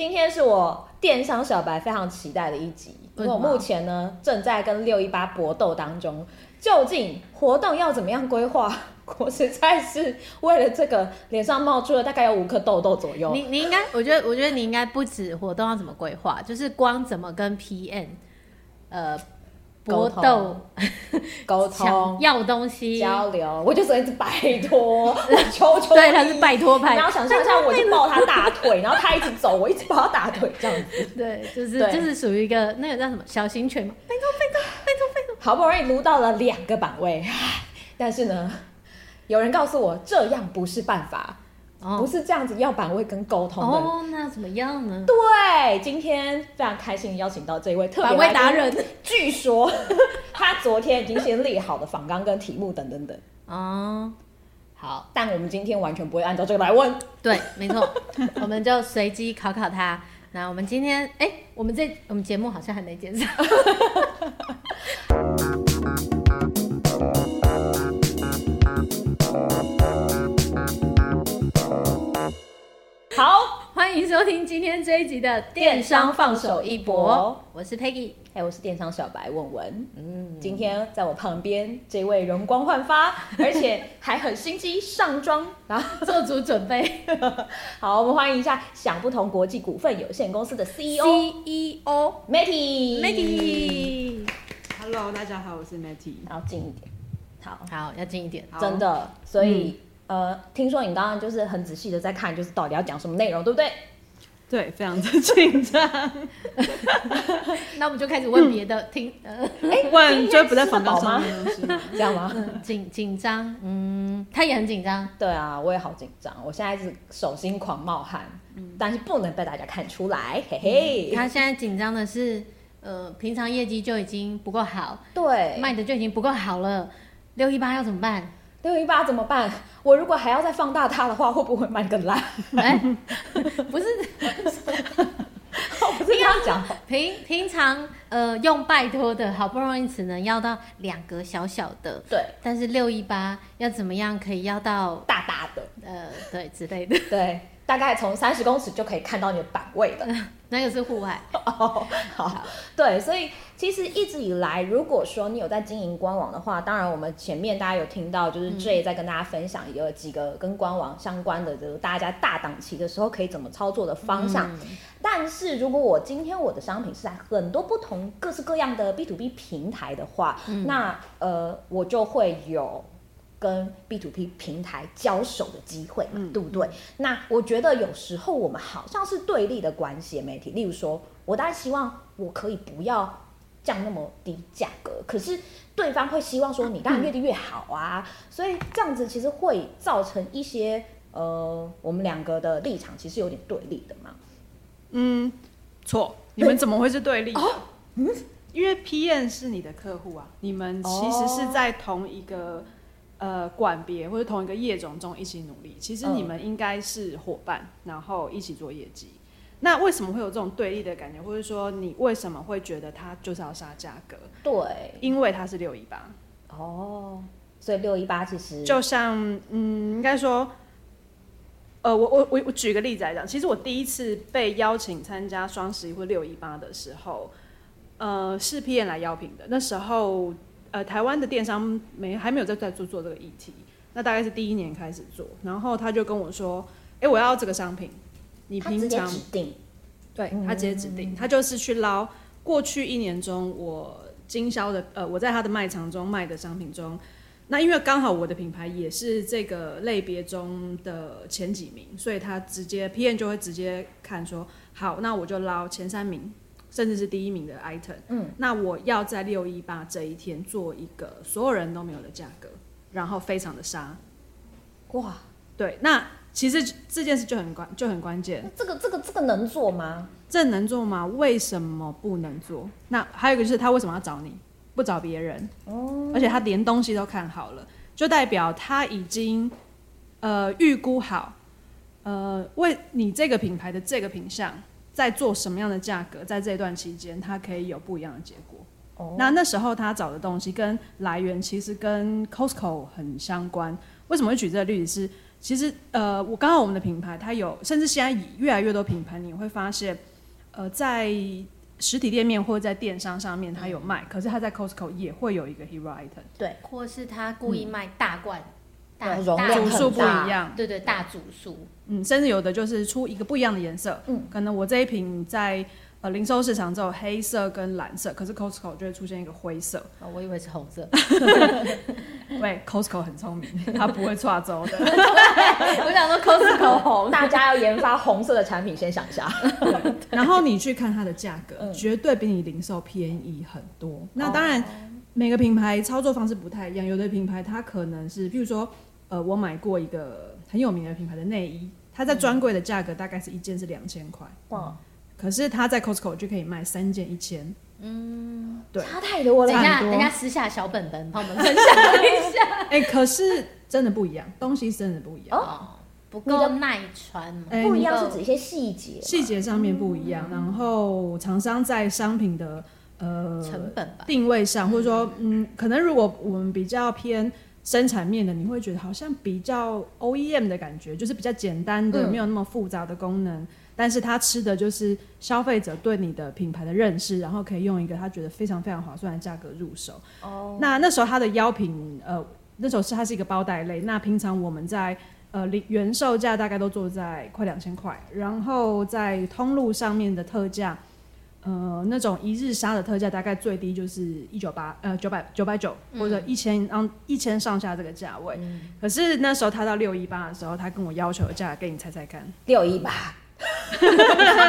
今天是我電商小白非常期待的一集。我目前呢正在跟六一八搏鬥當中，究竟活動要怎麼樣規劃？我實在是為了這個，臉上冒出了大概有五顆痘痘左右。你你應該， 我覺得我覺得你應該不止活動要怎麼規劃，就是光怎麼跟 PM。呃。溝通，溝通想要東西，交流，我就說一直拜託，是我求求，對他是拜託派。然後想象一下，我抱他大腿，然後他一直走， 我一直抱他大腿，這樣子。對，就是對就是屬於一個那個叫什麼小型犬嘛？拜託拜託拜託拜託，好不容易盧到了兩個版位，但是呢，有人告訴我這樣不是辦法。哦、不是這樣子，要板位跟溝通的哦。那怎麼樣呢？對，今天非常開心邀請到這一位特別的板位達人，據說 他昨天已經先列好了訪綱跟題目等等等。哦，好，但我們今天完全不會按照這個來問。對，沒錯，我們就隨機考考他。那 我們今天，哎、欸，我們這我們節目好像還沒介紹。 好，歡迎收聽今天這一集的電商放手一搏。我是 Peggy，我是電商小白文文。嗯，今天在我旁邊這位容光煥發，而且還很心機上妝，然後做足準備。好，我們歡迎一下想不同國際股份有限公司的 CEO，CEO Matty，Matty。Hello，大家好，我是 Matty。然後要近一點，好好要近一點，真的，所以。呃，聽說你剛剛就是很仔細的在看，就是到底要講什麼內容，對不對？對，非常的緊張。那我們就開始問別的，聽，問就不在防盜嗎？這樣嗎？緊緊張，嗯，他也很緊張。對啊，我也好緊張，我現在是手心狂冒汗，但是不能被大家看出來，嘿嘿。他現在緊張的是，呃，平常業績就已經不夠好，對，賣的就已經不夠好了，六一八要怎麼辦？六一八怎麼辦？我如果還要再放大它的話，會不會賣更爛？欸、 不是，我不是這樣講。平平常呃用拜託的，好不容易只能要到兩個小小的。對。但是六一八要怎麼樣可以要到大大的？呃，對，之類的， 對，大概從三十公尺就可以看到你的版位了。 那個是戶外。 Oh, 好， 對，所以其實一直以來，如果說你有在經營官網的話，當然我們前面大家有聽到，就是 J 在跟大家分享有幾個跟官網相關的，就是大家大檔期的時候可以怎麼操作的方向。嗯、但是如果我今天我的商品是在很多不同各式各樣的 B to B 平台的話，嗯、那呃，我就會有。跟 B to B 平台交手的機會嘛，嗯、對不對？嗯、那我覺得有時候我們好像是對立的關係。媒體，例如說，我當然希望我可以不要降那麼低價格，可是對方會希望說你當然越低越好啊。嗯、所以這樣子其實會造成一些呃，我們兩個的立場其實有點對立的嘛。嗯，錯，你們怎麼會是對立、欸哦嗯、因為 PM 是你的客戶啊，你們其實是在同一個。呃，館別或者同一個業種中一起努力，其實你們應該是夥伴，然後一起做業績。嗯、那為什麼會有這種對立的感覺，或者說你為什麼會覺得他就是要殺價格？對，因為他是六一八。哦，所以六一八其實就像嗯，應該說，呃，我我我，我舉個例子來講，其實我第一次被邀請參加雙十一或六一八的時候，呃，是 PM 來邀評的，那時候。呃，台灣的電商沒還沒有在在做做這個議題，那大概是第一年開始做。然後他就跟我說：“哎、欸，我要這個商品。你平常他”他直接指定，對，他直接指定，他就是去撈過去一年中我經銷的呃，我在他的賣場中賣的商品中，那因為剛好我的品牌也是這個類別中的前幾名，所以他直接 PM 就會直接看說：“好，那我就撈前三名。”甚至是第一名的 item，嗯，那我要在六一八這一天做一個所有人都沒有的價格，然後非常的殺，哇，對，那其實這件事就很關就很關鍵、這個。這個這個這個能做嗎？這能做嗎？為什麼不能做？那還有一個就是他為什麼要找你，不找別人？哦、嗯，而且他連東西都看好了，就代表他已經呃預估好，呃為你這個品牌的這個品項。在做什麼樣的價格，在這段期間，它可以有不一樣的結果。Oh. 那那時候他找的東西跟來源其實跟 Costco 很相關。為什麼會舉這個例子？是其實呃，我剛好我們的品牌它有，甚至現在越來越多品牌，你會發現，呃，在實體店面或者在電商上面它有賣，嗯。可是它在 Costco 也會有一個 hero item，對，或是他故意賣大罐。嗯大組數不一樣，對對，大組數，嗯，甚至有的就是出一個不一樣的顏色，嗯，可能我這一瓶在呃零售市場只有黑色跟藍色，可是 Costco 就會出現一個灰色。哦，我以為是紅色。喂，Costco 很聰明，它不會串走的。我想說 Costco 紅大家要研發紅色的產品，先想一下。然後你去看它的價格，絕對比你零售便宜很多。那當然，每個品牌操作方式不太一樣，有的品牌它可能是，譬如說。呃，我買過一個很有名的品牌的內衣，它在專櫃的價格大概是一件是兩千塊，哇！可是它在 Costco 就可以賣三件一千，嗯，對。差太多了，等下，等下，私下小本本，幫我們分享一下。哎，可是真的不一樣，東西是真的不一樣哦，不夠耐穿，不一樣是指一些細節，細節上面不一樣。然後廠商在商品的呃成本、定位上，或者說，嗯，可能如果我們比較偏生產面的你會覺得好像比較 OEM 的感覺，就是比較簡單的，沒有那麼複雜的功能。嗯、但是它吃的就是消費者對你的品牌的認識，然後可以用一個他覺得非常非常划算的價格入手。哦，那那時候它的邀品，呃，那時候是它是一個包袋類。那平常我們在呃原售價大概都做在快兩千塊，然後在通路上面的特價，呃，那種一日殺的特價，大概最低就是一九八，呃，九百九百九或者一千，嗯，一千上下這個價位。可是那時候他到六一八的時候，他跟我要求的價，給你猜猜看，六一八，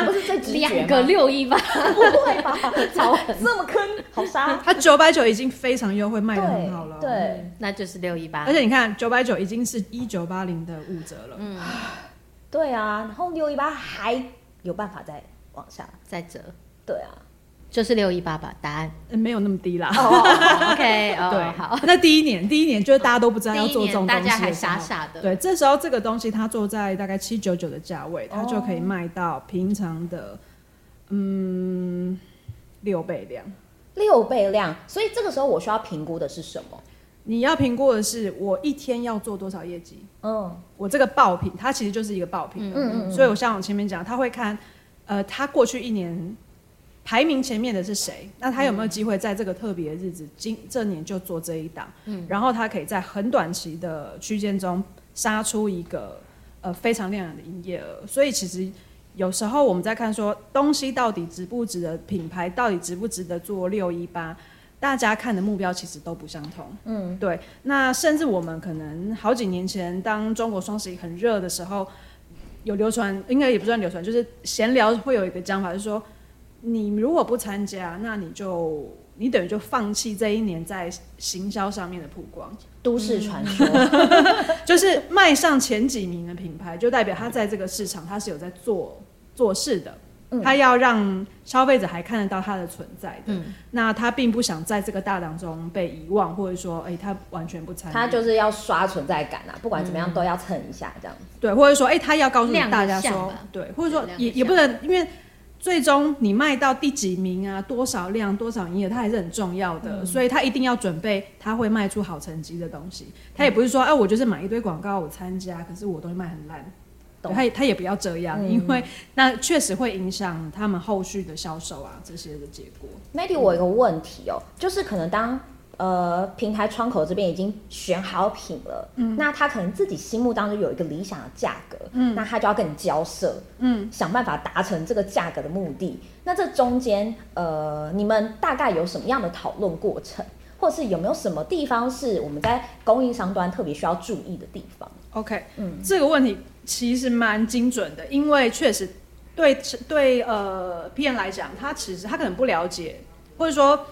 不是最兩個六一八，不會吧？超狠，這麼坑，好殺！他九百九已經非常優惠，賣得很好了。對，那就是六一八。而且你看，九百九已經是一九八零的五折了。嗯，對啊，然後六一八還有辦法再往下再折。對啊，就是六一八吧。答案沒有那麼低啦。Oh, oh, OK，oh, 對，好。那第一年，第一年就是大家都不知道要做這種東西，大家還傻傻的。對，這時候這個東西它做在大概七九九的價位，它就可以賣到平常的、oh, 嗯六倍量，六倍量。所以這個時候我需要評估的是什麼？你要評估的是我一天要做多少業績？嗯，oh. 我這個爆品它其實就是一個爆品，嗯、嗯、嗯所以我像我前面講，他會看，呃，他過去一年。排名前面的是誰？那他有沒有機會在這個特別的日子，今、嗯、這年就做這一檔？嗯，然後他可以在很短期的區間中殺出一個呃非常亮眼的營業額。所以其實有時候我們在看說東西到底值不值得，品牌到底值不值得做六一八，大家看的目標其實都不相同。嗯，對。那甚至我們可能好幾年前，當中國雙十一很熱的時候，有流傳，應該也不算流傳，就是閒聊會有一個講法，就是說。你如果不參加，那你就你等於就放棄這一年在行銷上面的曝光。嗯、都市傳說 就是賣上前幾名的品牌，就代表他在這個市場他是有在做做事的，嗯、他要讓消費者還看得到他的存在的。嗯、那他並不想在這個大檔中被遺忘，或者說，哎、欸，他完全不參加，他就是要刷存在感啊！不管怎麼樣，都要蹭一下這樣子、嗯。對，或者說，哎、欸，他要告訴大家說，對，或者說也也不能因為。最終你賣到第幾名啊？多少量、多少營業額它還是很重要的。嗯、所以他一定要準備他會賣出好成績的東西。他也不是說，哎、嗯啊，我就是買一堆廣告我參加，可是我東西賣很爛，他他懂也不要這樣，嗯、因為那確實會影響他們後續的銷售啊這些的結果。Matty，我有個問題哦，嗯、就是可能當。呃，平台窗口這邊已經選好品了，嗯，那他可能自己心目當中有一個理想的價格，嗯，那他就要跟你交涉，嗯，想辦法達成這個價格的目的。那這中間，呃，你們大概有什麼樣的討論過程，或者是有沒有什麼地方是我們在供應商端特別需要注意的地方？OK，嗯，這個問題其實蠻精準的，因為確實對對，對呃，PM 來講，他其實他可能不了解，或者說。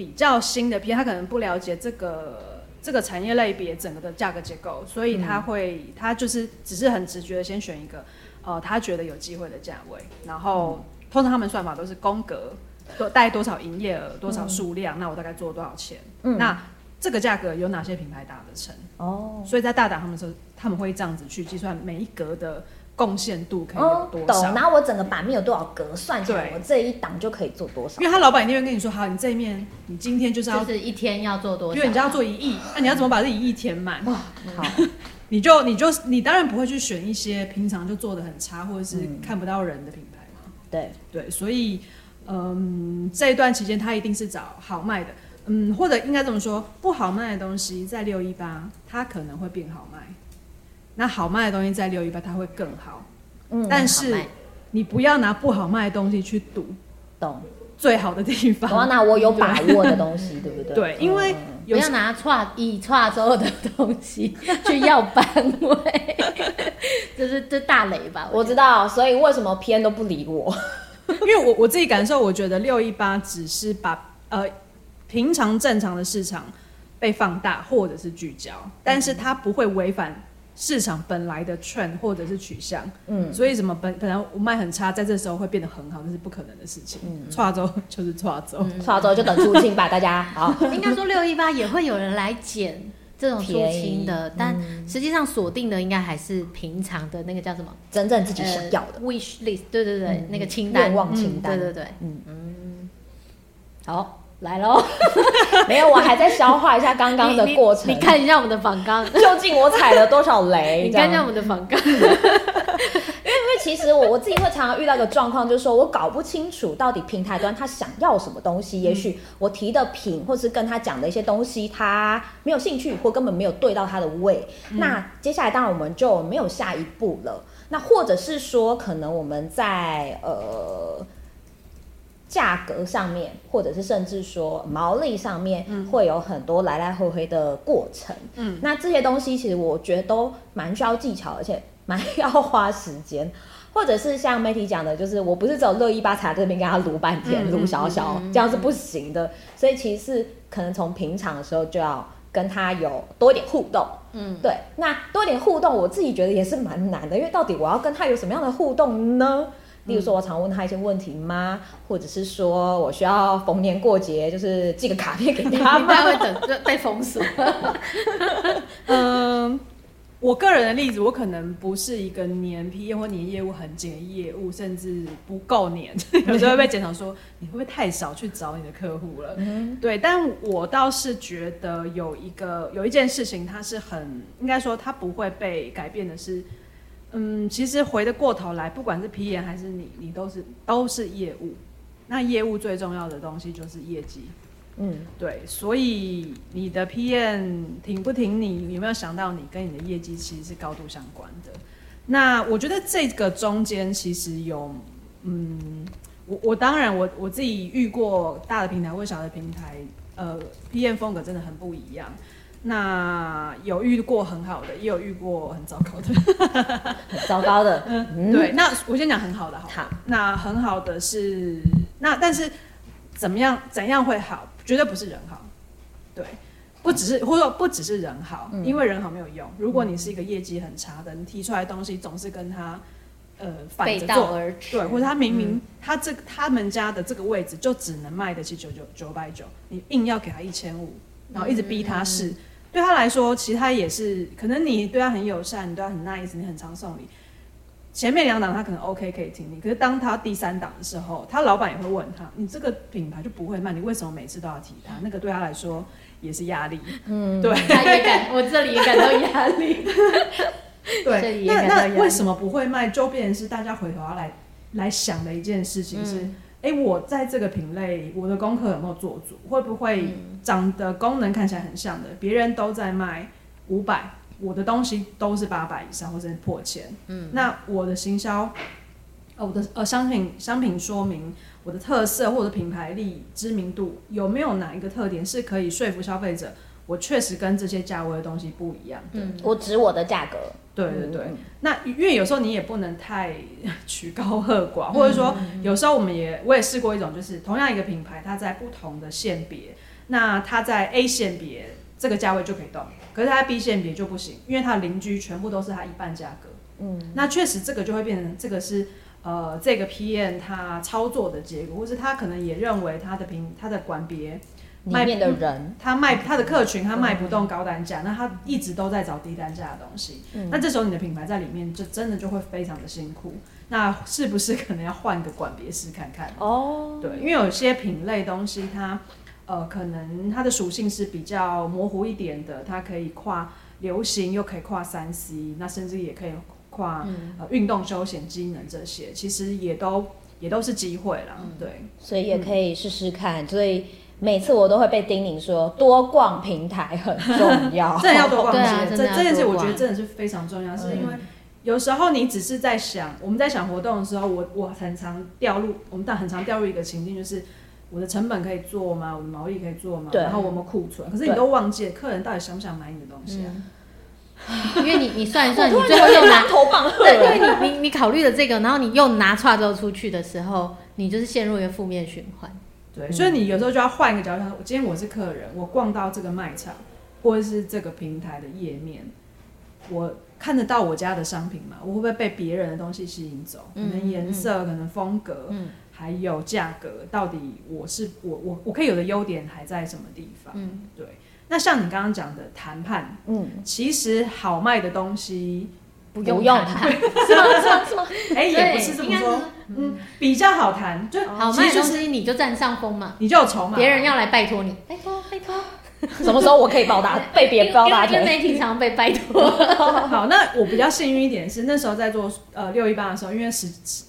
比較新的 P，他可能不了解這個這個產業類別整個的價格結構，所以他會、嗯、他就是只是很直覺的先選一個，呃，他覺得有機會的價位，然後、嗯、通常他們算法都是公格，多帶多少營業額多少數量，嗯、那我大概做多少錢？嗯，那這個價格有哪些品牌打得成？哦，所以在大檔他們時候他們會這樣子去計算每一格的。貢獻度可以有多少、哦懂？然後我整個版面有多少格？算下來我這一檔就可以做多少？因為他老板那邊跟你說，好，你這一面，你今天就是要就是一天要做多少？因為你就要做一億，那、啊、的你要怎麼把這一億填滿、哦？好， 你就你就你當然不會去選一些平常就做得很差，或者是看不到人的品牌、嗯、對對，所以嗯，這一段期間他一定是找好賣的，嗯，或者應該這麼說，不好賣的東西在六一八，它可能會變好賣。那好賣的東西在六一八，它會更好，但是你不要拿不好賣的東西去賭，懂最好的地方。我要拿我有把握的東西，對不對？對，因為不要拿跨一跨周二的東西去要版位，這是這大雷吧？我知道，所以為什麼 PM 都不理我？因為我我自己感受，我覺得六一八只是把呃平常正常的市場被放大，或者是聚焦，但是它不會違反，市場本來的 trend 或者是取向，嗯，所以什麼本本來賣很差，在這時候會變得很好，那是不可能的事情。嗯，差州就是差州，差、嗯、州就等出清吧， 大家好。應該說六一八也會有人來撿這種出清的，便但實際上鎖定的應該還是平常的那個叫什麼？嗯、真正自己想要的、嗯、wish list，對對對，嗯、那個清單願望清單、嗯，對對對，嗯嗯，嗯好。來嘍！ 沒有，我還在消化一下剛剛的過程 你你。你看一下我們的訪綱 究竟我踩了多少雷？你看一下我們的訪綱，因為因為其實我我自己會常常遇到一個狀況，就是說我搞不清楚到底平台端他想要什麼東西。嗯、也許我提的品或是跟他講的一些東西，他沒有興趣，或根本沒有對到他的胃。嗯、那接下來當然我們就沒有下一步了。那或者是說，可能我們在呃。價格上面，或者是甚至說毛利上面，嗯、會有很多來來回回的過程。嗯，那這些東西其實我覺得都蠻需要技巧，而且蠻要花時間。或者是像 Matty 講的，就是我不是走有樂意巴茶這邊跟他擼半天、擼、嗯、哼小小，嗯嗯、這樣是不行的。所以其實可能從平常的時候就要跟他有多一點互動。嗯，對，那多一點互動，我自己覺得也是蠻難的，因為到底我要跟他有什麼樣的互動呢？例如說，我常問他一些問題嗎？嗯、或者是說我需要逢年過節，就是寄個卡片給他不？嗎他會等被封死。 嗯，我個人的例子，我可能不是一個年批業或年業務很緊的業務，甚至不夠年。有時候會被檢討說， 你會不會太少去找你的客戶了？嗯、對，但我倒是覺得有一個有一件事情，它是很應該說它不會被改變的是。嗯，其實回的過頭來，不管是 p 炎還是你，你都是都是業務。那業務最重要的東西就是業績。嗯，對，所以你的 PM 停不停，你有沒有想到你跟你的業績其實是高度相關的？那我覺得這個中間其實有，嗯，我我當然我我自己遇過大的平台或小的平台，呃，PM 風格真的很不一樣。那有遇過很好的，也有遇過很糟糕的， 糟糕的。嗯，對。那我先講很好的好，好。好。那很好的是，那但是怎麼樣？怎樣會好？絕對不是人好。對，不只是、嗯、或者說不只是人好，嗯，因為人好沒有用。如果你是一個業績很差的，你提出來的東西總是跟他呃背道而馳。對，或者他明明他這、嗯、他們家的這個位置就只能賣得起九九九百九，你硬要給他一千五，然後一直逼他試。嗯嗯對他來說，其實他也是可能。你對他很友善，你對他很 nice，你很常送禮。前面兩檔他可能 OK 可以聽你，可是當他第三檔的時候，他老板也會問他：你這個品牌就不會賣，你為什麼每次都要提他？那個對他來說也是壓力。嗯，對。他也感，我這裡也感到壓力。對，那那為什麼不會賣？就變成是大家回頭要來來想的一件事情是：哎、嗯，我在這個品類，我的功課有沒有做足？會不會、嗯？長的功能看起來很像的，別人都在賣五百，我的東西都是八百以上或者是破千。嗯，那我的行銷，哦、呃，我的呃商品商品說明，我的特色或者品牌力、知名度有沒有哪一個特點是可以說服消費者，我確實跟這些價位的東西不一樣的？我指我的價格。對對對。我我那因為有時候你也不能太曲高和寡，或者說有時候我們也我也試過一種，就是同樣一個品牌，它在不同的線別。那他在 A 線別這個價位就可以動，可是他在 B 線別就不行，因為他的鄰居全部都是他一半價格。嗯，那確實這個就會變成這個是呃這個 PM 他操作的結果，或是他可能也認為他的品、他的管別裡面的人，他賣他的客群他賣不動高單價，嗯、那他一直都在找低單價的東西。嗯、那這時候你的品牌在裡面就真的就會非常的辛苦。那是不是可能要換個管別試看看？哦，對，因為有些品類東西它。呃，可能它的屬性是比較模糊一點的，它可以跨流行，又可以跨三 C，那甚至也可以跨呃、運動、休閒、機能這些，其實也都也都是機會了，對、嗯。所以也可以試試看。嗯、所以每次我都會被叮嚀說，多逛平台很重要。真的 要多逛街，啊、多逛街這逛這件事我覺得真的是非常重要，嗯、是因為有時候你只是在想，我們在想活動的時候，我我很常掉入，我們但很常掉入一個情境就是。我的成本可以做嗎？我的毛利可以做嗎？然後我們庫存，可是你都忘記了，客人到底想不想買你的東西啊？因為你你算一算，你最後又拿頭棒。對，對，你你你考慮了這個，然後你又拿差價出去的時候，你就是陷入一個負面循環。對，所以你有時候就要換一個角度想，今天我是客人，我逛到這個賣場，或者是這個平台的頁面，我看得到我家的商品嘛，我會不會被別人的東西吸引走？可能顏色，可能風格。還有價格，到底我是我我我可以有的優點還在什麼地方？嗯，對。那像你剛剛講的談判，嗯，其實好賣的東西不用談，哎，也不是這麼說，嗯，比較好談，對，好賣的東西你就占上風嘛，你就有籌碼，別人要來拜托你，拜托拜托，什麼時候我可以報答被別人報答的人？媒體平常被拜托。好，那我比較幸運一點是那時候在做呃六一八的時候，因為十。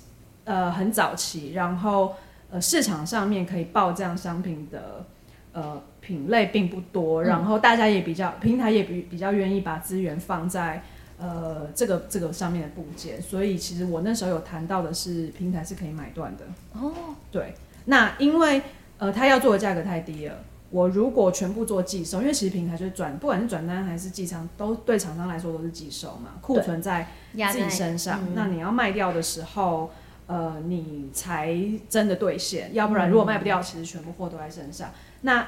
呃，很早期，然後呃，市場上面可以報這樣商品的呃品類並不多，嗯、然後大家也比較，平台也比比較願意把資源放在呃這個這個上面的部件，所以其實我那時候有談到的是，平台是可以買斷的哦。對，那因為呃，他要做的價格太低了，我如果全部做寄售，因為其實平台就是轉，不管是轉單還是寄倉，都對廠商來說都是寄售嘛，庫存在自己身上，嗯、那你要賣掉的時候。呃，你才真的兌現，要不然如果賣不掉，嗯、其實全部貨都在身上。那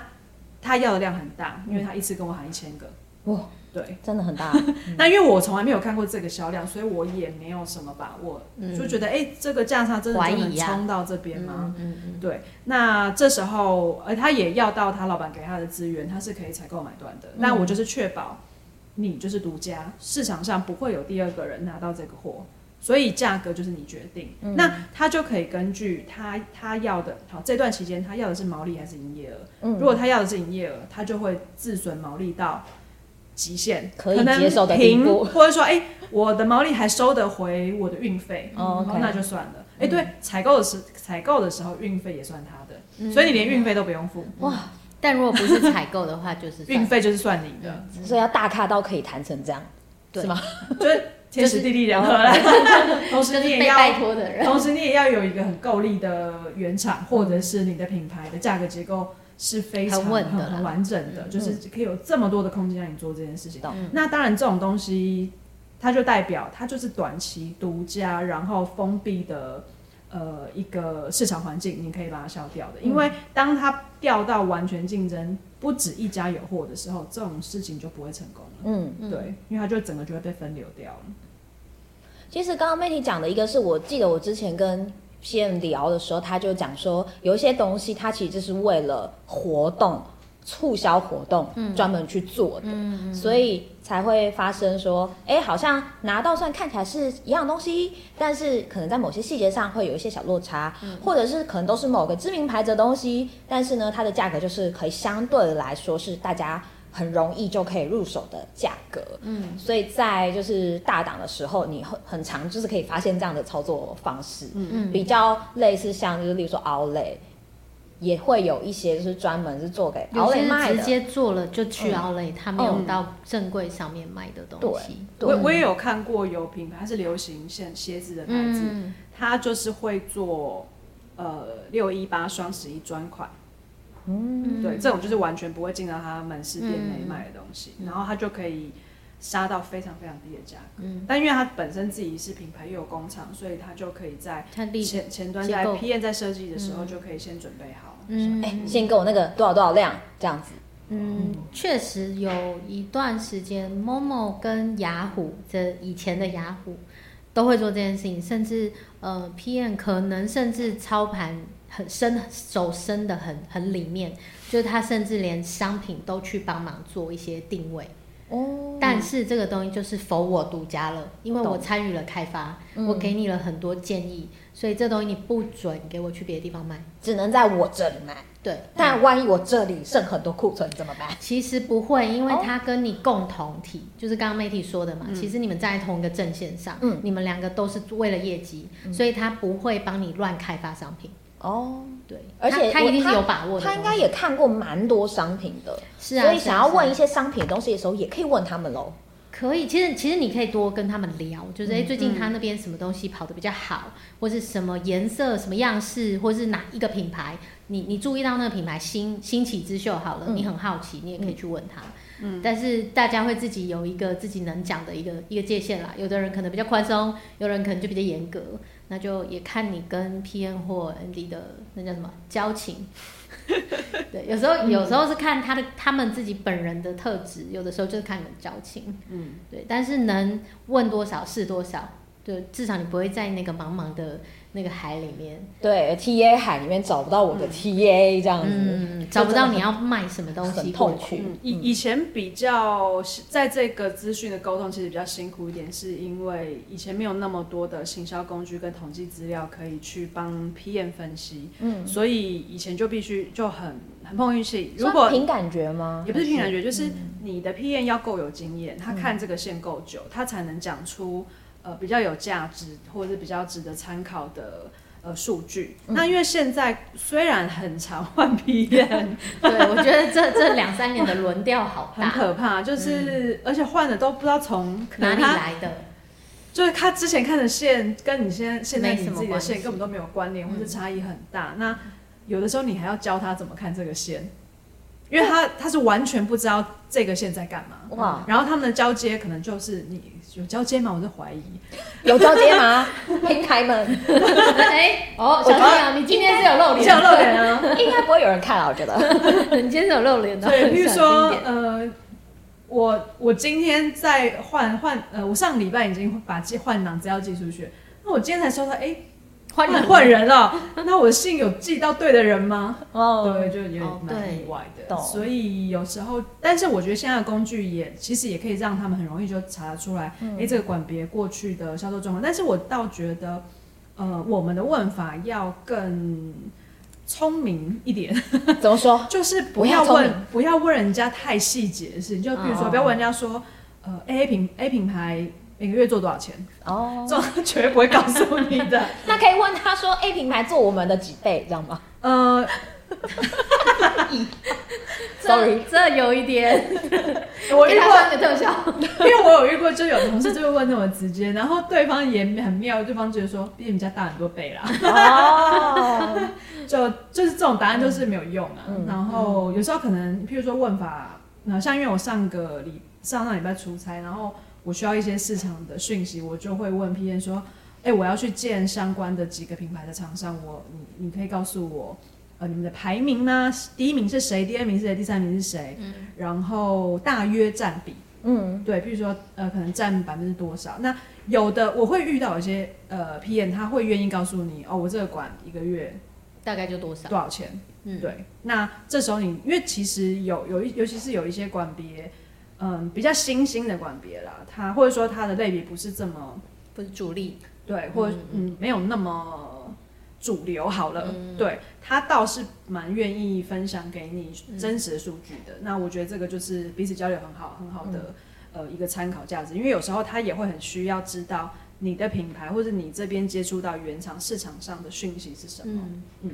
他要的量很大，嗯、因為他一次跟我喊一千個，哇、哦，對，真的很大。嗯、 那因為我從來沒有看過這個銷量，所以我也沒有什麼把握。所、嗯、就覺得哎、欸，這個價差真的懷疑衝到這邊嗎？嗯、啊、嗯，嗯嗯對。那這時候，而他也要到他老闆給他的資源，他是可以採購買斷的。嗯、那我就是確保你就是獨家，市場上不會有第二個人拿到這個貨。所以價格就是你決定，嗯、那他就可以根據他他要的，好，這段期間他要的是毛利還是營業額？嗯、如果他要的是營業額，他就會自損毛利到極限，可以接受的可能平，或者說哎、欸，我的毛利還收得回我的運費， 那就算了。哎、哦 okay 欸，對，採購的時採購的時候運費也算他的，嗯、所以你連運費都不用付。嗯、哇，但如果不是採購的話，就是運費 就是算你的，所以要大咖都可以談成這樣。是嗎？ 就是天時地利人和了。同 時你也要，的人同時你也要有一個很夠力的原廠，嗯、或者是你的品牌的價格結構是非常的，很完整的，的就是可以有這麼多的空間讓你做這件事情。嗯、那當然，這種東西它就代表它就是短期獨家，然後封閉的呃一個市場環境，你可以把它消掉的。嗯、因為當它掉到完全競爭，不止一家有貨的時候，這種事情就不會成功。嗯，對，因為它就整個就會被分流掉了。其實剛剛 Matty 講的一個是我記得我之前跟 PM 聊的時候，他就講說，有一些東西它其實就是為了活動促銷活動專門去做的，嗯、所以才會發生說，哎、嗯欸，好像拿到算看起來是一樣東西，但是可能在某些細節上會有一些小落差，嗯、或者是可能都是某個知名牌子的東西，但是呢，它的價格就是可以相對來說是大家很容易就可以入手的價格，嗯，所以在就是大檔的時候，你很很常就是可以發現這樣的操作方式，嗯嗯，比較類似像就是例如說奧萊，也會有一些就是專門是做給奧萊賣的，直接做了就去奧萊，嗯，他沒有到正櫃上面賣的東西。嗯，對，我對我也有看過有品牌，它是流行像鞋子的牌子，嗯，它就是會做呃六一八雙十一專款。嗯，對，這種就是完全不會進到他門市店內賣的東西，嗯、然後他就可以殺到非常非常低的價格。嗯、但因為他本身自己是品牌又有工廠，所以他就可以在前前端在 PM 在設計的時候、嗯、就可以先準備好，嗯，哎以，先購那個多少多少量這樣子。嗯，對確實有一段時間，Momo 跟雅虎、ah、這以前的雅虎。都會做這件事情，甚至呃，PM 可能甚至操盤很深，手伸得很很裡面，就是他甚至連商品都去幫忙做一些定位。哦，但是這個東西就是否我獨家了，因為我參與了開發，嗯，我給你了很多建議，所以這東西你不准給我去別的地方賣，只能在我這裡賣。對，但萬一我這裡剩很多庫存，嗯，怎麼辦？其實不會，因為它跟你共同體，哦，就是剛剛媒體說的嘛，嗯，其實你們在同一個陣線上，嗯，你們兩個都是為了業績，嗯，所以他不會幫你亂開發商品。哦，oh, 對，而且他一定是有把握的，他，他應該也看過蠻多商品的，是啊，所以想要問一些商品的東西的時候，也可以問他們嘍。可以，其實其實你可以多跟他們聊，就是哎，嗯、最近他那邊什麼東西跑得比較好，嗯、或是什麼顏色、什麼樣式，或是哪一個品牌，你你注意到那個品牌新新起之秀好了，嗯、你很好奇，你也可以去問他。嗯，但是大家會自己有一個自己能講的一個一個界限啦，有的人可能比較寬鬆，有的人可能就比較嚴格。那就也看你跟 PM 或 MD 的那叫什麼交情， 對，有時候有時候是看他的他們自己本人的特質，有的時候就是看你們交情，嗯，對，但是能問多少是多少。對，至少你不會在那個茫茫的那個海裡面，對，T A 海裡面找不到我的 T A 這樣子，嗯，嗯，嗯找不到你要賣什麼東西，很痛苦。以、嗯、以前比較在這個資訊的溝通，其實比較辛苦一點，是因為以前沒有那麼多的行銷工具跟統計資料可以去幫 P M 分析，嗯，所以以前就必須就很很碰運氣。如果憑感覺嗎？也不是憑感覺，嗯、就是你的 P M 要夠有經驗，他看這個線夠久，他才能講出。呃，比較有價值或者是比較值得參考的呃數據。嗯、那因為現在雖然很常換 PM，對我覺得這這兩三年的輪調好大，很可怕。就是、嗯、而且換的都不知道從哪裡來的，就是他之前看的線跟你現在現在你自己的線根本都沒有關聯，或者差異很大。嗯、那有的時候你還要教他怎麼看這個線，因為他他是完全不知道這個線在幹嘛。哇、嗯！然後他們的交接可能就是你。有交接嗎？我在懷疑。 有交接嗎？ 平台們。哎、 欸，哦，小妹啊，你今天是有露臉，有露臉啊！應該不會有人看啊，我覺得。 你今天是有露臉的。對， 比如說，呃，我我今天在換換，呃，我上個禮拜已經把寄換檔資料寄出去，那我今天才收到，哎、欸。換換人、啊、換人了，那我的信有寄到對的人嗎？ 哦，對，就也蠻意外的。所以有時候，但是我覺得現在的工具也其實也可以讓他們很容易就查出來，哎、嗯欸，這個館別過去的銷售狀況。但是我倒覺得，呃，我們的問法要更聰明一點。怎麼說？ 就是不要問，不要，不要問人家太細節的事情。就比如說，哦、不要問人家說，呃，A 品 A 品牌。每個月做多少錢？哦，這種絕不會告訴你的。 那可以問他說：“A 品牌做我們的幾倍，這樣嗎？”呃 ，sorry，這，這有一點， 我給他放個特效。因為我有遇過，就有同事就會問那麼直接， 然後對方也很妙，對方覺得說比你們家大很多倍啦。哦、 oh.，就就是這種答案就是沒有用啊。嗯、然後有時候可能，譬如說問法，那像因為我上個禮上上禮拜出差，然後。我需要一些市場的訊息，我就會問 PM 說：“哎、欸，我要去見相關的幾個品牌的廠商，我你你可以告訴我，呃，你們的排名呢、啊？第一名是誰？第二名是誰？第三名是誰？嗯、然後大約佔比，嗯，對，譬如說呃，可能佔百分之多少？那有的我會遇到一些呃 PM，他會願意告訴你哦，我這個管一個月大概就多少多少錢？嗯，對，那這時候你因為其實有有一尤其是有一些管別。嗯，比較新興的管別啦，他或者說他的類別不是這麼不是主力，對，或嗯，嗯，嗯沒有那麼主流好了，嗯、對，他倒是蠻願意分享給你真實的數據的。嗯、那我覺得這個就是彼此交流很好很好的、嗯、呃一個參考價值，因為有時候他也會很需要知道你的品牌或者你這邊接觸到原廠市場上的訊息是什麼。嗯，嗯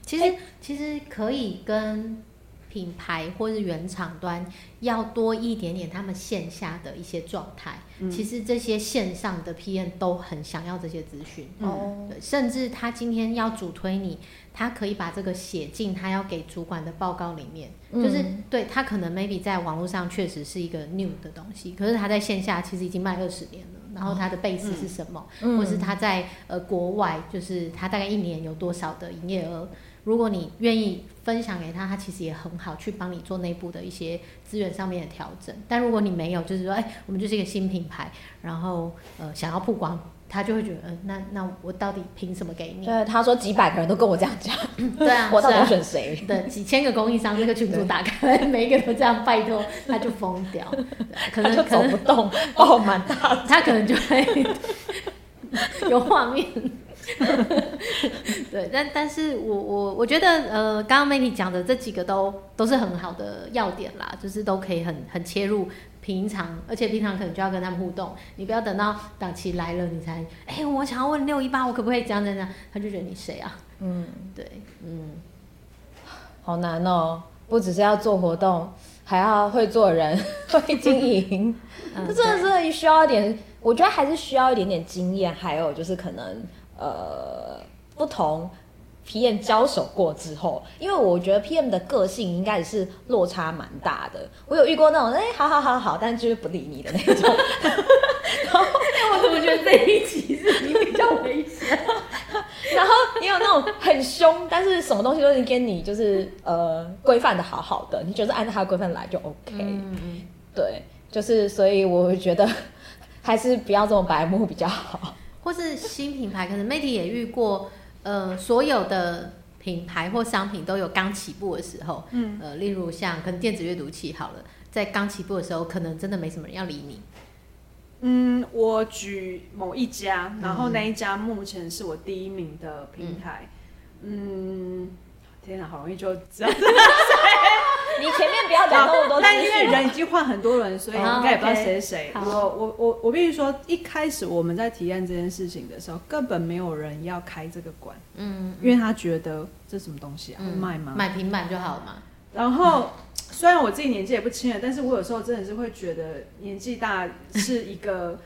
其實、欸、其實可以跟。品牌或是原廠端要多一點點他們線下的一些狀態，嗯、其實這些線上的 PM 都很想要這些資訊哦，甚至他今天要主推你，他可以把這個寫進他要給主管的報告裡面，嗯、就是對他可能 maybe 在網絡上確實是一個 new 的東西，可是他在線下其實已經賣二十年了，然後他的 base 是什麼，嗯嗯、或是他在呃國外就是他大概一年有多少的營業額。如果你願意分享給他，他其實也很好去幫你做內部的一些資源上面的調整。但如果你沒有，就是說，哎、欸，我們就是一個新品牌，然後呃，想要曝光，他就會覺得，呃、那那我到底憑什麼給你？對，他說幾百個人都跟我這樣講、啊嗯，對啊，我到底選誰、啊？對，幾千個供應商那、這個群組打開，對每一個都這樣拜託，他就瘋掉，可能走不動，能哦，蠻大，他可能就會 有畫面。 對，但但是我我我覺得，呃，剛剛 Mandy 講的這幾個都都是很好的要點啦，就是都可以很很切入平常，而且平常可能就要跟他們互動，你不要等到檔期來了，你才哎、欸，我想要問六一八，我可不可以這樣這樣，這樣？他就覺得你誰啊？嗯，對，嗯，好難哦、喔，不只是要做活動，還要會做人，會經營， 嗯、 這真的是需要一點，對我覺得還是需要一點點經驗，還有就是可能。呃，不同 PM 交手過之後，因為我覺得 PM 的個性應該也是落差蠻大的。我有遇過那種哎，好好好好，但是就是不理你的那種。 然後 我怎麼覺得這一集是你比較危險？ 然後也有那種很兇，但是什麼東西都是跟你就是呃規範的好好的，你就是按照他的規範來就 OK，嗯。對，就是所以我覺得還是不要這種白目比較好。或是新品牌，可能媒體也遇過。呃，所有的品牌或商品都有剛起步的時候。嗯，呃，例如像可能電子閱讀器好了，在剛起步的時候，可能真的沒什麼人要理你。嗯，我舉某一家，然後那一家目前是我第一名的平台。嗯，嗯，嗯，天哪，好容易就這樣子。 你前面不要講那麼多，但因為人已經換很多人，所以應該也不知道誰誰。我我我我必須說，一開始我們在體驗這件事情的時候，根本沒有人要開這個館。嗯，因為他覺得這什麼東西啊，賣嗎？買平板就好了嘛。然後雖然我自己年紀也不輕了，但是我有時候真的是會覺得年紀大是一個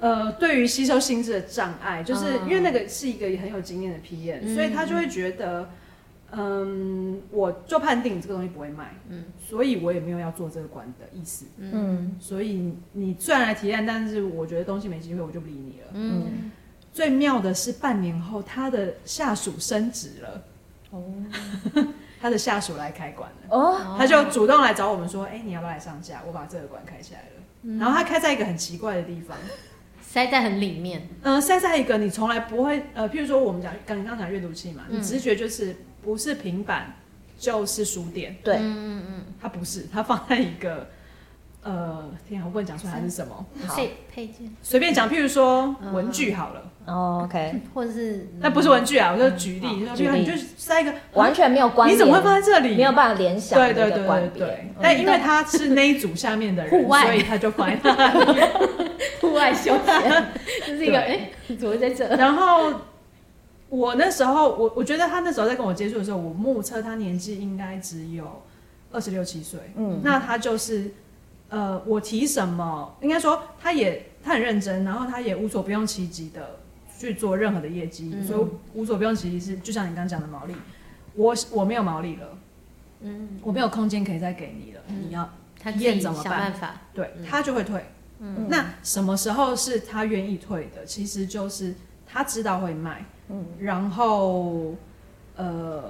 呃，對於吸收心智的障礙，就是因為那個是一個很有經驗的 PM，所以他就會覺得。嗯，我就判定這個東西不會賣，嗯，所以我也沒有要做這個館的意思，嗯，所以你雖然來提案，但是我覺得東西沒機會，我就不理你了，嗯，嗯。最妙的是半年後，他的下屬升職了，哦， 他的下屬來開館了，哦，他就主動來找我們說，哎、欸，你要不要來上架？我把這個館開起來了，嗯、然後他開在一個很奇怪的地方，塞在很裡面，嗯，塞在一個你從來不會，呃，譬如說我們講剛剛講的閱讀器嘛，你直覺就是。嗯不是平板，就是書店。對，嗯嗯嗯，它不是，它放在一個呃，天啊，我不能講出來是什麼。好配件，隨便講，譬如說文具好了。OK，或者是那不是文具啊，我就舉例，舉例，就是在一個完全沒有關係，你怎麼會放在這裡？沒有辦法聯想一個關聯。對對對對對。但因為他是那一組下面的人，戶外。所以他就放在那裡。戶外休閒，就是一個。哎，你怎麼會在這裡？然後。我那時候，我我覺得他那時候在跟我接觸的時候，我目測他年紀應該只有二十六七歲。嗯，那他就是，呃，我提什麼，應該說他也他很認真，然後他也無所不用其極的去做任何的業績，嗯，所以無所不用其極是就像你剛剛講的毛利，我我沒有毛利了，嗯，我沒有空間可以再給你了，嗯，你要他自己驗怎麼辦？想辦法，對，嗯，他就會退。嗯，那什麼時候是他願意退的？其實就是。他知道會賣，嗯、然後，呃，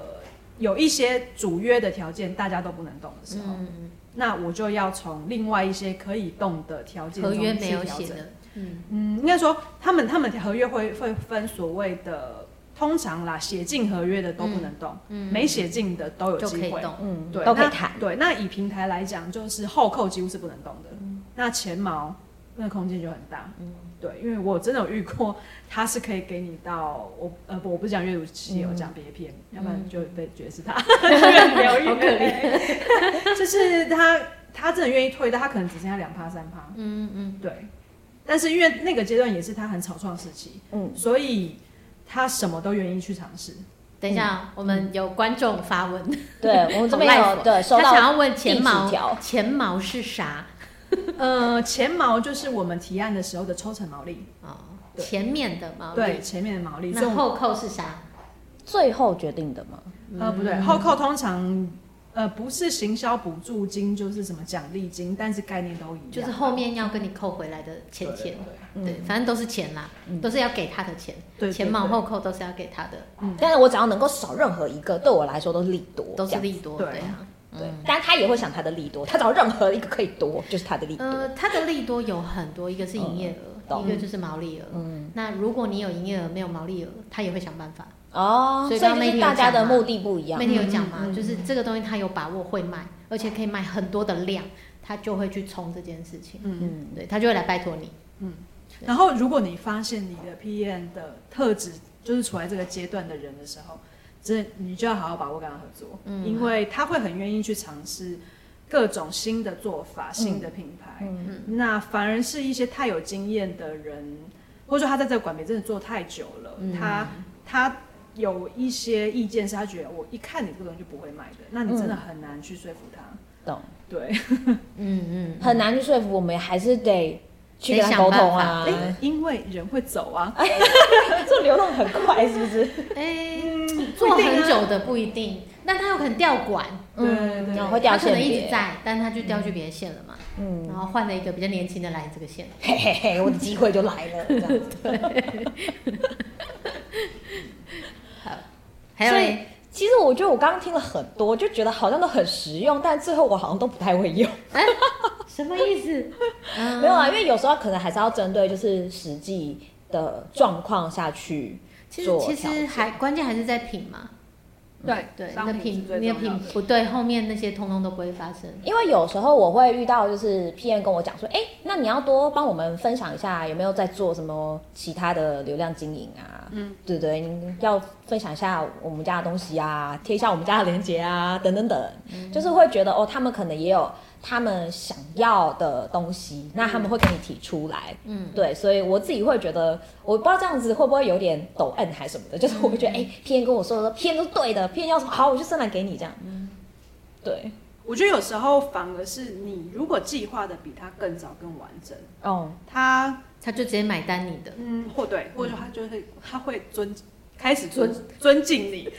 有一些主約的條件大家都不能動的時候，嗯、那我就要從另外一些可以動的條件合約沒有寫的，嗯嗯，應該說他們他們合約會會分所謂的，通常啦，寫進合約的都不能動，嗯嗯、沒寫進的都有機會可以動，嗯，對，那對，那以平台來講，就是後扣幾乎是不能動的，嗯、那前茅那空間就很大，嗯，對，因為我真的有遇過，他是可以給你到我呃不，我不是講閱讀器，我講別篇，片，要不然就被覺得是他，好可憐，就是他他真的願意退，但他可能只剩下兩趴三趴，嗯嗯，對，但是因為那個階段也是他很草創時期，嗯，所以他什麼都願意去嘗試。等一下，我們有觀眾發問，對，我們這邊有，對，他想要問前茅，前茅是啥？呃，前毛就是我們提案的時候的抽成毛利啊，前面的毛利，對，前面的毛利。那後扣是啥？最後決定的嗎？呃，不對，後扣通常呃不是行銷補助金，就是什麼獎勵金，但是概念都一樣，就是後面要跟你扣回來的錢錢，對，反正都是錢啦，都是要給他的錢，對，前毛後扣都是要給他的。但是我只要能夠少任何一個，對我來說都是利多，都是利多，對啊。對，但他也會想他的利多，他找任何一個可以多就是他的利多。呃，他的利多有很多，一個是營業額，嗯、一個就是毛利額。嗯，那如果你有營業額、嗯、沒有毛利額，他也會想辦法哦。所以說是大家的目的不一樣。每天有講嗎？嗯嗯、就是這個東西他有把握會賣，而且可以賣很多的量，他就會去衝這件事情。嗯，嗯，對，他就會來拜托你。嗯，然後如果你發現你的 PM 的特質就是處在這個階段的人的時候。這你就要好好把握跟他合作，嗯、因為他會很願意去嘗試各種新的做法、嗯、新的品牌。嗯嗯、那反而是一些太有經驗的人，或者說他在這個館別真的做太久了，嗯、他他有一些意見是他覺得我一看你這個東西就不會買的，嗯、那你真的很難去說服他。懂？對，嗯嗯，嗯，很難去說服我們，還是得去跟他溝通啊。哎、因為人會走啊，這 流動很快，是不是？ 哎做很久的不一定，那、啊、他有可能掉管。對對對嗯，然後會掉線，一直在，嗯、但是他就掉去別的線了嘛，嗯，然後換了一個比較年輕的來這個線，嘿嘿嘿，我的機會就來了， 這樣子。對 好，還有所以其實我覺得我剛剛聽了很多，就覺得好像都很實用，但最後我好像都不太會用， 欸、什麼意思？ 啊、沒有啊，因為有時候可能還是要針對就是實際的狀況下去。其實其實還關鍵還是在品嘛，對、嗯、對，你的品你的品不對，後面那些通通都不會發生。因為有時候我會遇到，就是 PM 跟我講說，哎、欸，那你要多幫我們分享一下，有沒有在做什麼其他的流量經營啊？嗯，對不對，對？你要分享一下我們家的東西啊，貼一下我們家的鏈接啊，等等等，嗯、就是會覺得哦，他們可能也有。他們想要的東西，那他們會給你提出來，嗯，對，所以我自己會覺得，我不知道這樣子會不會有點抖 M 還是什麼的，就是我會覺得，哎、欸，PM 跟我說的 PM 都是對的，PM 要什麼好，我就生來給你這樣，嗯、對，我覺得有時候反而是你如果計劃的比他更早更完整，哦、嗯，他他就直接買單你的，嗯，或對，或者他就會、嗯、他會尊。開始尊尊敬你，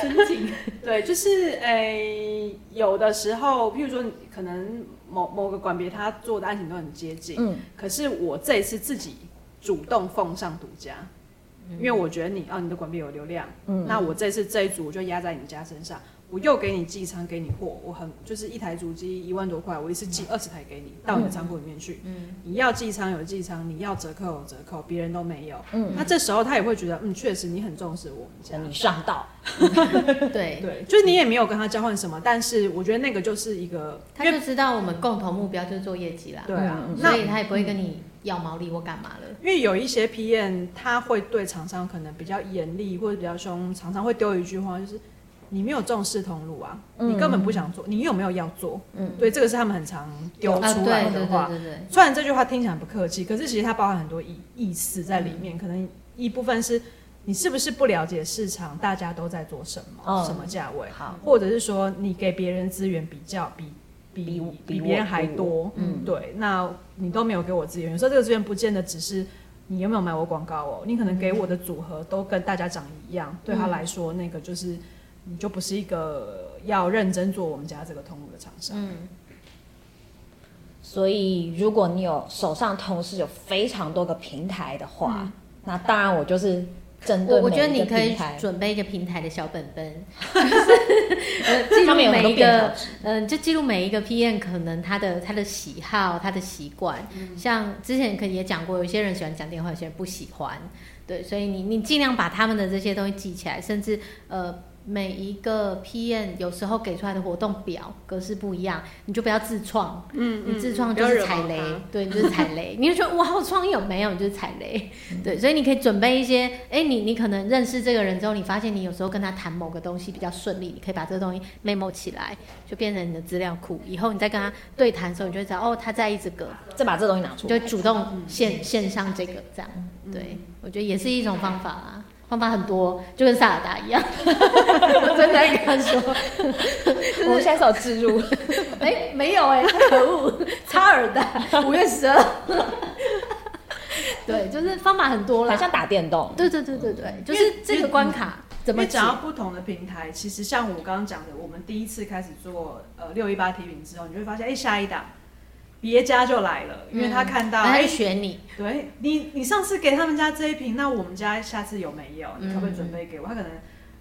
尊敬，對，就是誒、欸，有的時候，譬如說，可能某某個館別他做的案情都很接近，嗯，可是我這一次自己主動奉上獨家，嗯、因為我覺得你啊，你的館別有流量，嗯，那我這一次這一組我就壓在你家身上。我又給你寄倉，給你貨，我很就是一台主機一萬多塊，我一次寄二十台給你、嗯、到你的倉庫裡面去。嗯，你要寄倉有寄倉，你要折扣有折扣，別人都沒有。嗯，那這時候他也會覺得，嗯，確實你很重視我們，想你上道。對、嗯、 對，就是你也沒有跟他交換什麼，但是我覺得那個就是一個，他就知道我們共同目標就是做業績啦。對啊，那所以他也不會跟你要毛利或幹嘛了。因為有一些 PM，他會對廠商可能比較嚴厲或者比較兇，常常會丟一句話就是。你沒有重視通路啊，你根本不想做，你有沒有要做？嗯，對，這個是他們很常丟出來的話。雖然這句話聽起來很不客氣，可是其實它包含很多意意思在裡面。可能一部分是你是不是不了解市場，大家都在做什麼，什麼價位？好，或者是說你給別人資源比較比比比別人還多？嗯，對，那你都沒有給我資源，有時候這個資源不見得只是你有沒有買我廣告哦，你可能給我的組合都跟大家長一樣，對他來說那個就是。你就不是一個要認真做我們家這個通路的廠商。嗯。所以，如果你有手上同時有非常多個平台的話，嗯、那當然我就是針對。我，我覺得你可以準備一個平台的小本本， 就是、 呃、記錄每一個，嗯、呃，就記錄每一個 PM 可能他的他的喜好、他的習慣。嗯、像之前可能也講過，有些人喜歡講電話，有些人不喜歡。對，所以你你盡量把他們的這些東西記起來，甚至呃。每一個 PM，有時候給出來的活動表格式不一樣，你就不要自創，嗯。嗯，你自創就是踩雷，對，你就是踩雷。 你就說哇，好創意，有沒有？你就是踩雷。嗯、對，所以你可以準備一些，哎、欸，你你可能認識這個人之後，你發現你有時候跟他談某個東西比較順利，你可以把這個東西 memo 起來，就變成你的資料庫。以後你再跟他對談的時候，你就會知道哦，他在一直擱，再把這東西拿出來，就主動獻獻、嗯、上這個，這樣。嗯、對，我覺得也是一種方法啦。方法很多，就跟薩爾達一樣。 我正在跟他說， 就是、我們先找植入。哎、 欸，沒有哎、欸，太可惡， 插耳帶達，五 月十二。 對，就是方法很多啦，好像打電動。對對對對對，嗯、就是這個關卡。因為講到不同的平台，其實像我剛剛講的，我們第一次開始做呃六一八提名之後，你就會發現，哎、欸，下一檔。別家就來了，因為他看到，哎、嗯，他會選你，欸，對你，你上次給他們家這一瓶，那我們家下次有沒有？你可不可以準備給我？嗯嗯，他可能，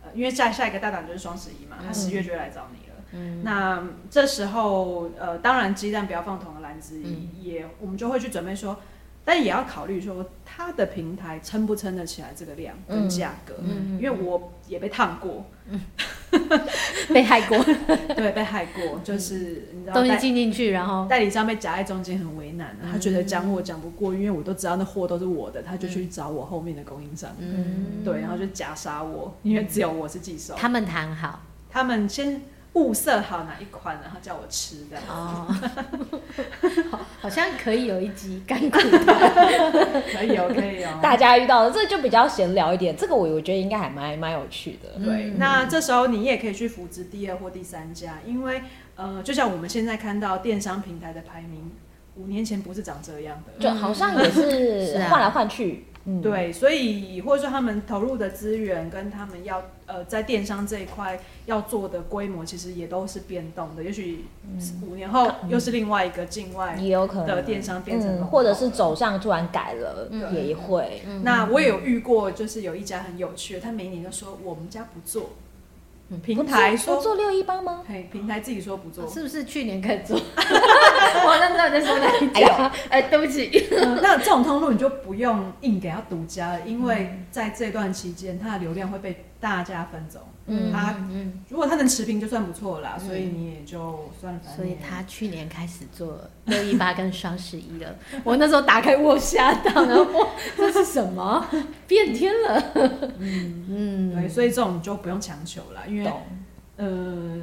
呃、因為下下一個大檔就是雙十一嘛，嗯、他十月就會來找你了。嗯，嗯，那這時候，呃，當然雞蛋不要放同個籃子，嗯、也我們就會去準備說。但也要考慮說，他的平台撐不撐得起來這個量跟價格，嗯、因為我也被燙過，被害過， 對，被害過，嗯、就是東西進進去，然後代理商被夾在中間很為難、啊，嗯、他覺得講我講不過，因為我都知道那貨都是我的，他就去找我後面的供應商，嗯、對，然後就夾殺我，嗯、因為只有我是寄售，他們談好，他們先。物色好哪一款、啊，然後叫我吃的、哦、好，好像可以有一集甘苦的 可、哦，可以、哦，可以有。大家遇到的這就比較閒聊一點。這個我我覺得應該還蠻蠻有趣的。對，嗯、那這時候你也可以去扶植第二或第三家，因為呃，就像我們現在看到電商平台的排名，五年前不是長這樣的，就好像也是換來換去、 啊。嗯、對，所以或者說他們投入的資源跟他們要呃在電商這一塊要做的規模，其實也都是變動的。也許五年後又是另外一個境外、也有可能的電商變成、嗯，或者是走向突然改了、嗯、也會。嗯嗯、那我也有遇過，就是有一家很有趣的，他每年都說我們家不做平台，說不做，不做六一八嗎？嘿，平台自己說不做，啊、是不是去年可以做？ 我 那那再說那一講，哎，對不起。 那這種通路你就不用硬給他獨家了，因為在這段期間，它的流量會被大家分走。嗯，他它、嗯、如果他能持平就算不錯啦。嗯、所以你也就算了。所以他去年開始做六一八跟雙十一了。 我那時候打開，我嚇到，然後哇， 這是什麼？變天了。嗯嗯， 嗯對，所以這種你就不用強求了，因為呃。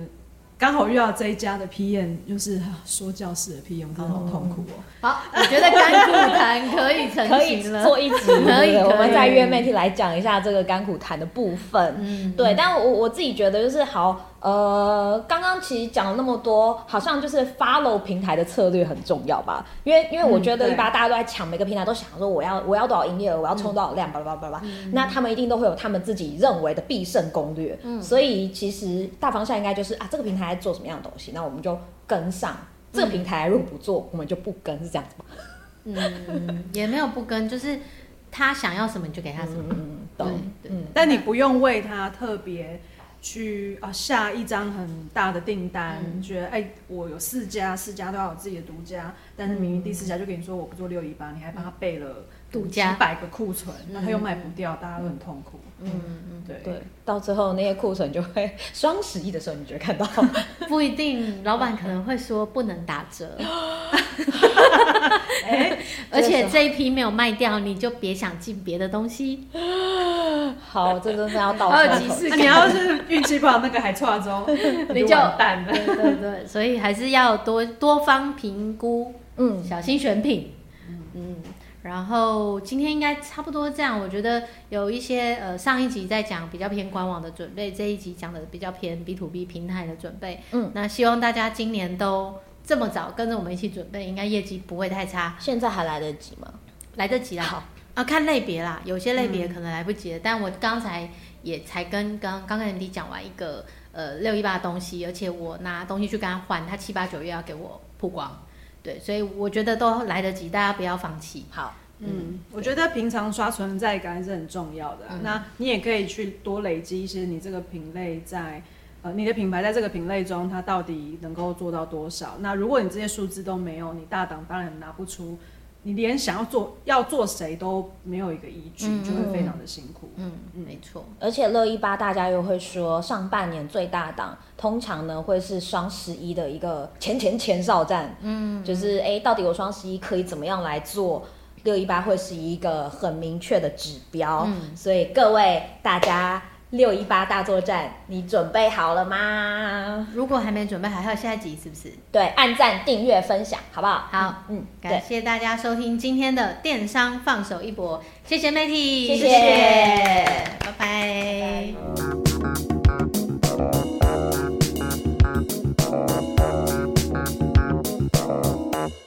剛好遇到這一家的 PM 又、就是說教式的 PM，真的好痛苦哦、喔嗯。好，我覺得甘苦談可以成型了 可以做一集可以。可以對我們再約 Matty 來講一下這個甘苦談的部分。嗯，對，但我我自己覺得就是好。呃，剛剛其實講了那麼多，好像就是 follow 平台的策略很重要吧？因為因為我覺得，一般大家都在搶，每個平台、嗯、都想說，我要我要多少營業額，我要衝多少量，巴拉巴拉巴拉。嗯、那他們一定都會有他們自己認為的必勝攻略。嗯。所以其實大方向應該就是啊，這個平台做什麼樣的東西，那我們就跟上。這個平台如果不做，嗯、我們就不跟，是這樣子嗎？嗯也沒有不跟， 就是他想要什麼你就給他什麼。嗯、對。嗯懂。但你不用為他特別。去啊，下一張很大的訂單，嗯、覺得哎、欸，我有四家，四家都要有自己的獨家，但是明明第四家就跟你說我不做六一八，你還幫他備了。嗯幾百個庫存，那他又賣不掉，大家都很痛苦。嗯嗯，對對，到最後那些庫存就會，雙十一的時候你就會看到。不一定，老闆可能會說不能打折。哎，而且這一批沒有賣掉，你就別想進別的東西。好，這真的要倒。還有幾次，你要是運氣不好，那個還差中，你就膽的。對對，所以還是要多多方評估，嗯，小心選品，嗯。然後今天應該差不多這樣，我覺得有一些呃，上一集在講比較偏官網的準備，這一集講的比較偏 B to B 平台的準備。嗯，那希望大家今年都這麼早跟着我們一起準備，應該業績不會太差。現在還來得及嗎？來得及啊。好啊，看類別啦，有些類別可能來不及。嗯，但我剛才也才跟剛剛跟 Andy 講完一個呃六一八的東西，而且我拿東西去跟他換，他七八九月要給我曝光。對，所以我覺得都來得及，大家不要放棄。好，嗯，對，我覺得平常刷存在感是很重要的啊。嗯，那你也可以去多累積一些你這個品類在，呃，你的品牌在這個品類中它到底能夠做到多少？那如果你這些數字都沒有，你大檔當然拿不出。你連想要做要做誰都沒有一個依據，嗯嗯，就會非常的辛苦。嗯，嗯，沒錯。而且六一八大家又會說，上半年最大檔，通常呢會是雙十一的一個前前前哨戰。嗯，嗯，就是哎、欸，到底我雙十一可以怎麼樣來做？嗯、六一八會是一個很明確的指標。嗯，所以各位大家，六一八大作戰，你準備好了嗎？如果還沒準備好，還有下一集，是不是？對，按讚、訂閱、分享，好不好？好，嗯，嗯，對，感謝大家收聽今天的電商放手一搏，謝謝 Matty 謝謝，謝謝。拜拜。拜拜。